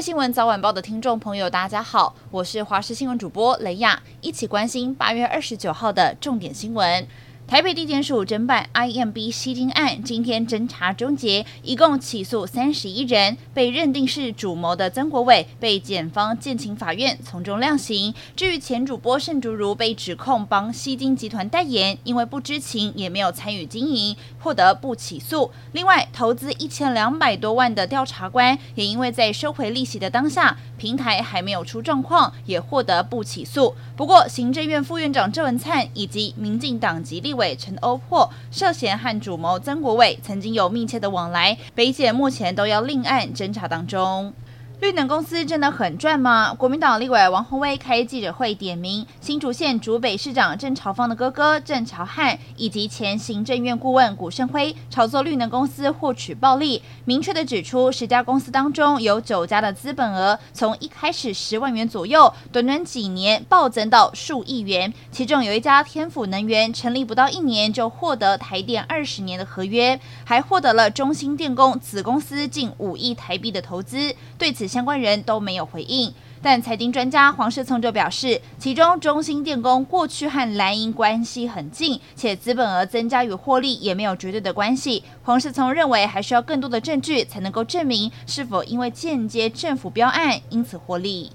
新聞早晚報的聽眾朋友，大家好，我是華視新聞主播蕾雅，一起關心八月二十九號的重點新聞。台北地檢署偵辦 IMB 吸金案，今天偵查終結，一共起訴三十一人。被認定是主謀的曾國緯，被檢方建請法院從重量刑。至於前主播盛竹如，被指控幫吸金集團代言，因為不知情也沒有參與經營，獲得不起訴。另外，投資一千兩百多萬的調查官，也因為在收回利息的當下，平台還沒有出狀況，也獲得不起訴。不過，行政院副院長鄭文燦以及民進黨籍立委陳歐珀涉嫌和主謀曾國緯曾經有密切的往來，北檢目前都要另案偵查當中。綠能公司真的很賺嗎？國民黨立委王鴻薇開記者會點名新竹縣竹北市長鄭朝方的哥哥鄭朝漢，以及前行政院顧問谷勝輝炒作綠能公司獲取暴利，明確的指出十家公司當中有九家的資本額從一開始十萬元左右，短短幾年暴增到數億元，其中有一家天府能源成立不到一年就獲得台電二十年的合約，還獲得了中興電工子公司近五億台幣的投資，對此，相關人都沒有回應，但財經專家黃世聰就表示，其中中興電工過去和藍營關係很近，且資本額增加與獲利也沒有絕對的關係。黃世聰認為，還需要更多的證據才能夠證明是否因為間接政府標案因此獲利。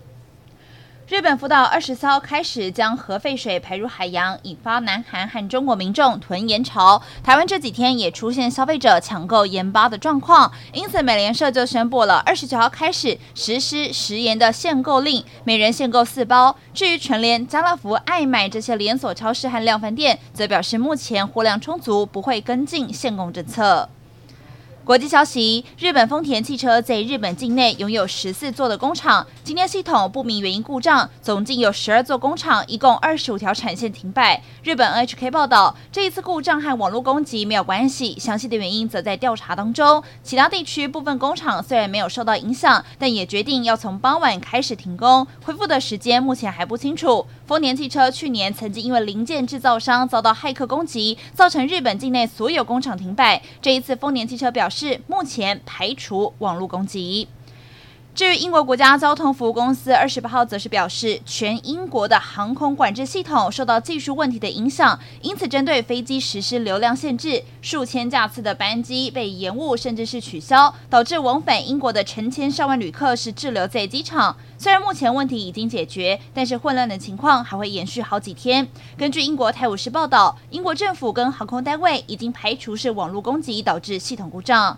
日本福島二十四號開始將核廢水排入海洋，引發南韓和中國民眾囤鹽潮。台灣這幾天也出現消費者搶購鹽巴的狀況，因此美聯社就宣布了二十九號開始實施食鹽的限購令，每人限購四包。至於全聯、家樂福、愛買這些連鎖超市和量販店，則表示目前貨量充足，不會跟進限購政策。國際消息：日本豐田汽車在日本境內擁有十四座的工廠，今天系統不明原因故障，總計有十二座工廠，一共二十五條產線停擺。日本 NHK 報道，這一次故障和網絡攻擊沒有關係，詳細的原因則在調查當中。其他地區部分工廠雖然沒有受到影響，但也決定要從傍晚開始停工，恢復的時間目前還不清楚。豐田汽車去年曾經因為零件制造商遭到駭客攻擊，造成日本境內所有工廠停擺。這一次豐田汽車表示。是目前排除網絡攻擊。至於英國國家交通服務公司二十八號則是表示，全英國的航空管制系統受到技術問題的影響，因此針對飛機實施流量限制，數千架次的班機被延誤，甚至是取消，導致往返英國的成千上萬旅客是滯留在機場。雖然目前問題已經解決，但是混亂的情況還會延續好幾天。根據英國泰晤士報報道，英國政府跟航空單位已經排除是網絡攻擊導致系統故障。